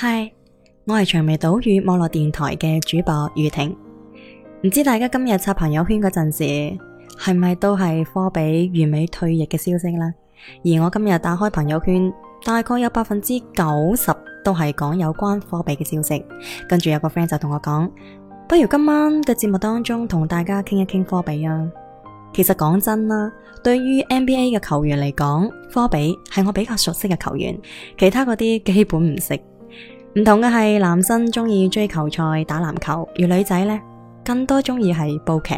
嗨，Hi, 我係長眉島嶼網絡電台嘅主播宇婷。唔知大家今日刷朋友圈嗰陣時，係咪都係科比完美退役嘅消息呢？而我今日打開朋友圈，大概有百分之九十都係講有關科比嘅消息。跟住有個 friend 就同我講，不如今晚嘅節目當中，同大家傾一傾科比啊。其實講真啦，對於 NBA 嘅球員嚟講，科比係我比較熟悉嘅球員，其他嗰啲基本唔識。唔同嘅係，男生中意追球賽打籃球，而女仔呢，更多中意係煲劇。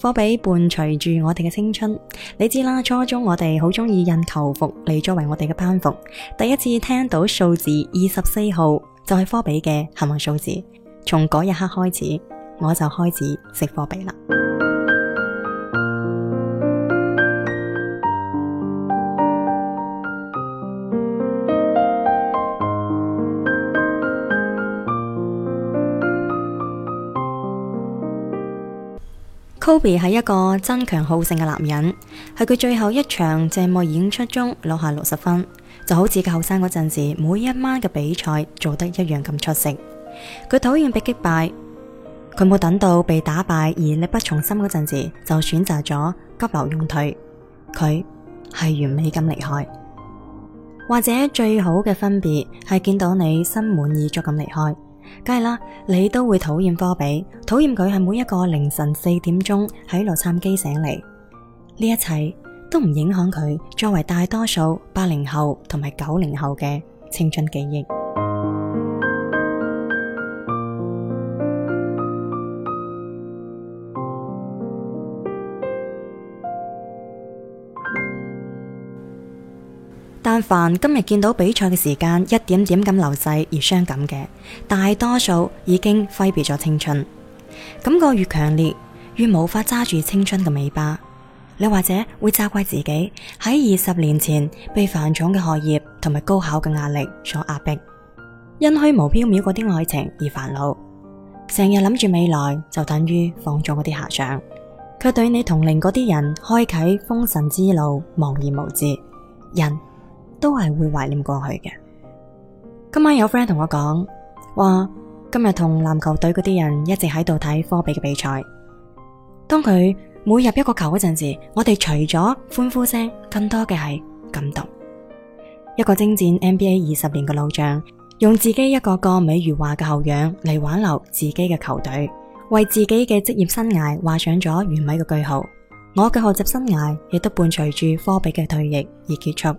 科比伴隨住我哋嘅青春，你知啦，初中我哋好中意印球服嚟作為我哋嘅班服。第一次聽到數字二十四號，就係、是、科比嘅幸運數字。從嗰一刻開始，我就開始食科比啦。Kobe 係一個爭強好勝嘅男人，係佢最後一場謝幕演出中攞下六十分，就好似佢後生嗰陣時每一晚嘅比賽做得一樣咁出色。佢討厭被擊敗，佢冇等到被打敗而力不從心嗰陣時，就選擇咗急流勇退。佢係完美咁離開，或者最好嘅分別係見到你心滿意足咁離開。梗係啦，你都會討厭科比，討厭佢係每一個凌晨四點鐘喺洛杉磯醒嚟，呢一切都唔影響佢作為大多數八零後同埋九零後嘅青春記憶。但凡今日見到比賽嘅時間一點點咁流逝而傷感嘅，大多數已經揮別咗青春。感覺越強烈，越無法揸住青春嘅尾巴。你或者會責怪自己喺二十年前被繁重嘅學業同埋高考嘅壓力所壓迫，因虛無縹緲嗰啲愛情而煩惱，成日諗住未來就等於放縱嗰啲遐想，卻對你同齡嗰啲人開啟封神之路茫然無知。人。都係會懷念過去嘅。今晚有 friend 同我講話，今日同籃球隊嗰啲人一直喺度睇科比嘅比賽。當佢每入一個球嗰陣時，我哋除咗歡呼聲，更多嘅係感動。一個征戰 NBA 二十年嘅老將，用自己一個個美如畫嘅後仰嚟挽留自己嘅球隊，為自己嘅職業生涯畫上咗完美嘅句號。我嘅學習生涯亦都伴隨住科比嘅退役而結束。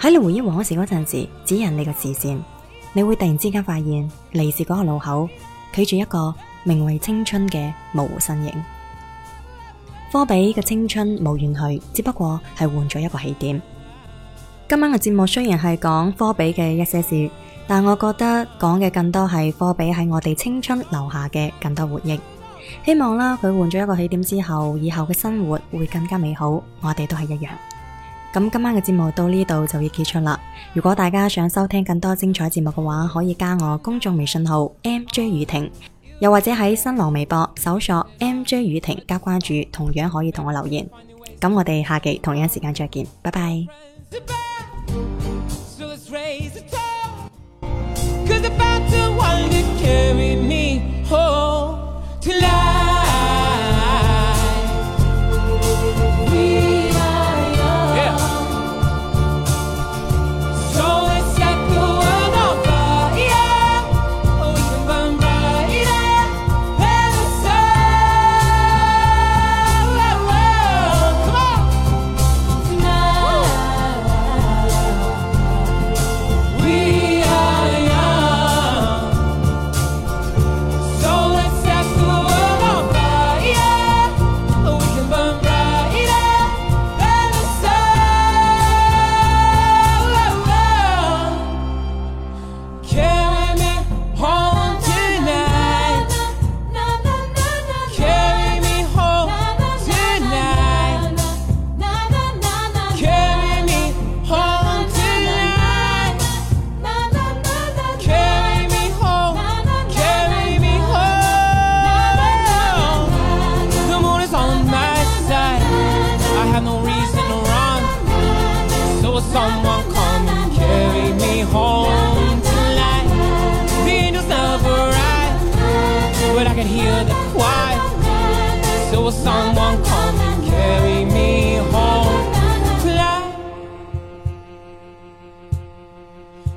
喺你回憶往事嗰陣時，指引你個視線，你會突然之間發現嚟時嗰個路口，企住一個名為青春嘅模糊身影。科比嘅青春冇遠去，只不過係換咗一個起點。今晚嘅節目雖然係講科比嘅一些事，但我覺得講嘅更多係科比喺我哋青春留下嘅更多回憶。希望啦，佢換咗一個起點之後，以後嘅生活會更加美好。我哋都係一樣。咁今晚嘅節目到呢度就要結束啦。如果大家想收聽更多精彩節目嘅話，可以加我公眾微信號 NJ 宇婷，又或者喺新浪微博搜索 NJ 宇婷加關注，同樣可以同我留言。咁我哋下期同樣時間再見，拜拜。